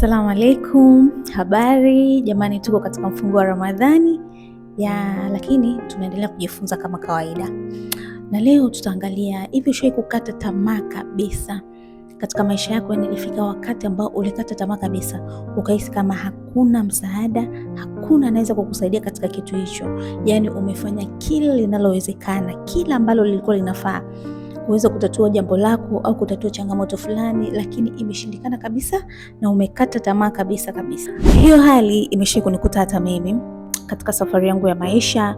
Assalamu alaikum, habari jamani, tuko katika mfungo wa Ramadhani ya lakini tunaendelea kujifunza kama kawaida, na leo tutaangalia hivi, ushawahi kukata tamaa kabisa katika maisha yako? Yani ilifika wakati ambao ulikata tamaa kabisa, ukahisi kama hakuna msaada, hakuna anaweza kukusaidia katika kitu hicho, yani umefanya kila linalowezekana, kila ambalo lilikuwa linafaa kuweza kutatua jambo lako au kutatua changamoto fulani, lakini imeshindikana kabisa na umekata tamaa kabisa kabisa. Hiyo hali imeshia kunikuta hata mimi katika safari yangu ya maisha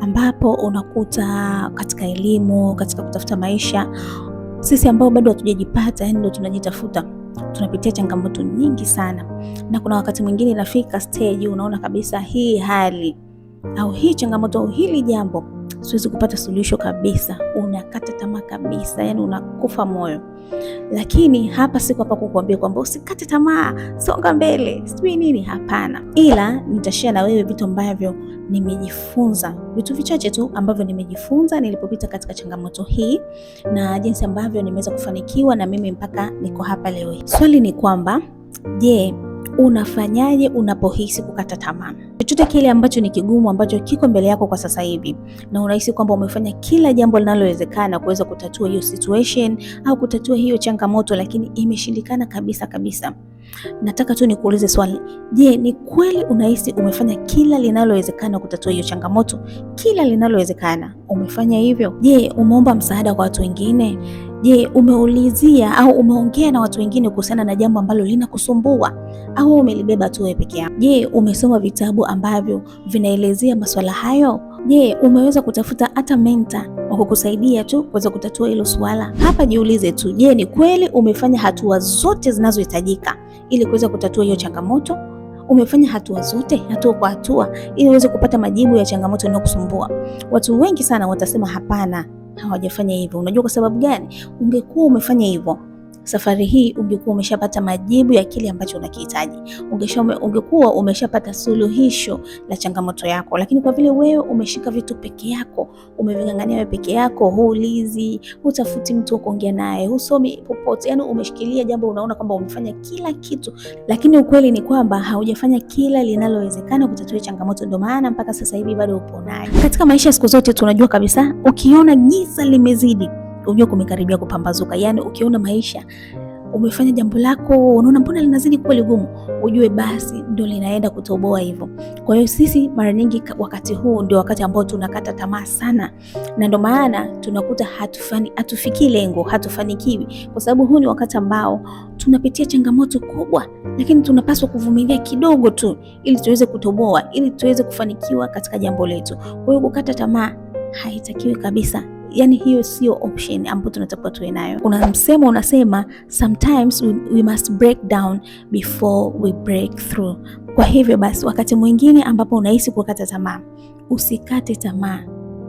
ambapo unakuta katika elimu, katika kutafuta maisha, sisi ambao bado hatujajipata, yani ndio tunajitafuta, tunapitia changamoto nyingi sana, na kuna wakati mwingine inafika stage unaona kabisa hii hali au hii changamoto au hili jambo siwezi kupata suluhisho kabisa, unakata tamaa kabisa, yani unakufa moyo. Lakini hapa siko hapa kukuambia kwamba usikate tamaa, songa mbele, sijui nini. Hapana, ila nitashia na wewe vitu ambavyo nimejifunza, vitu vichache tu ambavyo nimejifunza nilipopita katika changamoto hii na jinsi ambavyo nimeweza kufanikiwa na mimi mpaka niko hapa leo. Swali ni kwamba je, unafanyaje unapohisi kukata tamaa? chochote kile ambacho ni kigumu ambacho kiko mbele yako kwa sasa hivi na unahisi kwamba umefanya kila jambo linalowezekana kuweza kutatua hiyo situation au kutatua hiyo changamoto, lakini imeshindikana kabisa kabisa Nataka tu nikuulize swali. Je, ni kweli unahisi umefanya kila linalowezekana kutatua hiyo changamoto? Kila linalowezekana umefanya hivyo? Je, umeomba msaada kwa watu wengine? Je, umeulizia au umeongea na watu wengine kuhusiana na jambo ambalo linakusumbua au umelibeba tu wewe peke yako? Je, umesoma vitabu ambavyo vinaelezea masuala hayo? Je, umeweza kutafuta hata mentor wa kukusaidia tu kuweza kutatua hilo suala. Hapa jiulize tu, je, ni kweli umefanya hatua zote zinazohitajika ili kuweza kutatua hiyo changamoto? Umefanya hatua zote, hatua kwa hatua, ili uweze kupata majibu ya changamoto inayokusumbua? Watu wengi sana watasema hapana, hawajafanya hivyo. Unajua kwa sababu gani? Ungekuwa umefanya hivyo safari hii ungekuwa umeshapata majibu ya kile ambacho unakihitaji, ungekuwa umeshapata suluhisho la changamoto yako. Lakini kwa vile wewe umeshika vitu peke yako, umevingang'ania wewe peke yako, huulizi, hutafuti mtu wa kuongea naye, husomi popote, yani umeshikilia jambo, unaona kwamba umefanya kila kitu, lakini ukweli ni kwamba haujafanya kila linalowezekana kutatua changamoto. Ndio maana mpaka sasa hivi bado upo naye. Katika maisha siku zote tunajua kabisa, ukiona giza limezidi unajua kumekaribia kupambazuka. Yani ukiona maisha umefanya jambo lako unaona mbona linazidi kuwa ligumu, ujue basi ndio linaenda kutoboa hivyo. Kwa hiyo sisi mara nyingi wakati huu ndio wakati ambao tunakata tamaa sana, na ndio maana tunakuta hatufani, hatufikii lengo, hatufanikiwi, kwa sababu huu ni wakati ambao tunapitia changamoto kubwa, lakini tunapaswa kuvumilia kidogo tu ili tuweze kutoboa, ili tuweze kufanikiwa katika jambo letu. Kwa hiyo kukata tamaa haitakiwi kabisa yani hiyo sio option ambayo tunatakiwa tuwe nayo. Kuna msemo unasema sometimes we, we must break down before we break through. Kwa hivyo basi, wakati mwingine ambapo unahisi kukata tamaa, usikate tamaa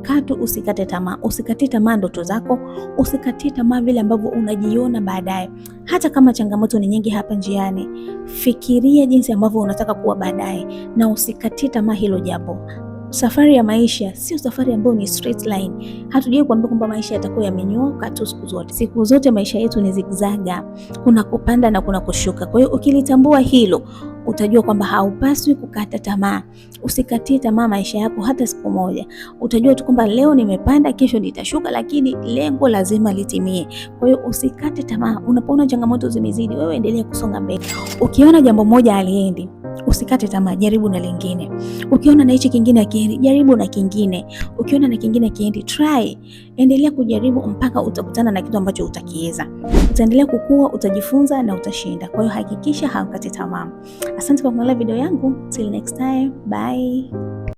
katu, usikate tamaa, usikatie tamaa ndoto zako, usikatie tamaa vile ambavyo unajiona baadaye. Hata kama changamoto ni nyingi hapa njiani, fikiria jinsi ambavyo unataka kuwa baadaye, na usikatie tamaa hilo japo safari ya maisha sio safari ambayo ni straight line. Hatujui kuambia kwamba maisha yatakuwa yamenyooka tu siku zote. Siku zote maisha yetu ni zigzaga, kuna kupanda na kuna kushuka. Kwa hiyo ukilitambua hilo utajua kwamba haupaswi kukata tamaa. Usikatie tamaa maisha yako hata siku moja. Utajua tu kwamba leo nimepanda, kesho nitashuka, lakini lengo lazima litimie. Kwa hiyo usikate tamaa. Unapoona changamoto zimezidi, wewe endelea kusonga mbele. Ukiona jambo moja aliendi usikate tamaa, jaribu na lingine. Ukiona na hichi kingine akiendi, jaribu na kingine. Ukiona na kingine akiendi, try, endelea kujaribu mpaka utakutana na kitu ambacho utakiweza. Utaendelea kukua, utajifunza na utashinda. Kwa hiyo hakikisha haukati tamaa. Asante kwa kuangalia video yangu, till next time, bye.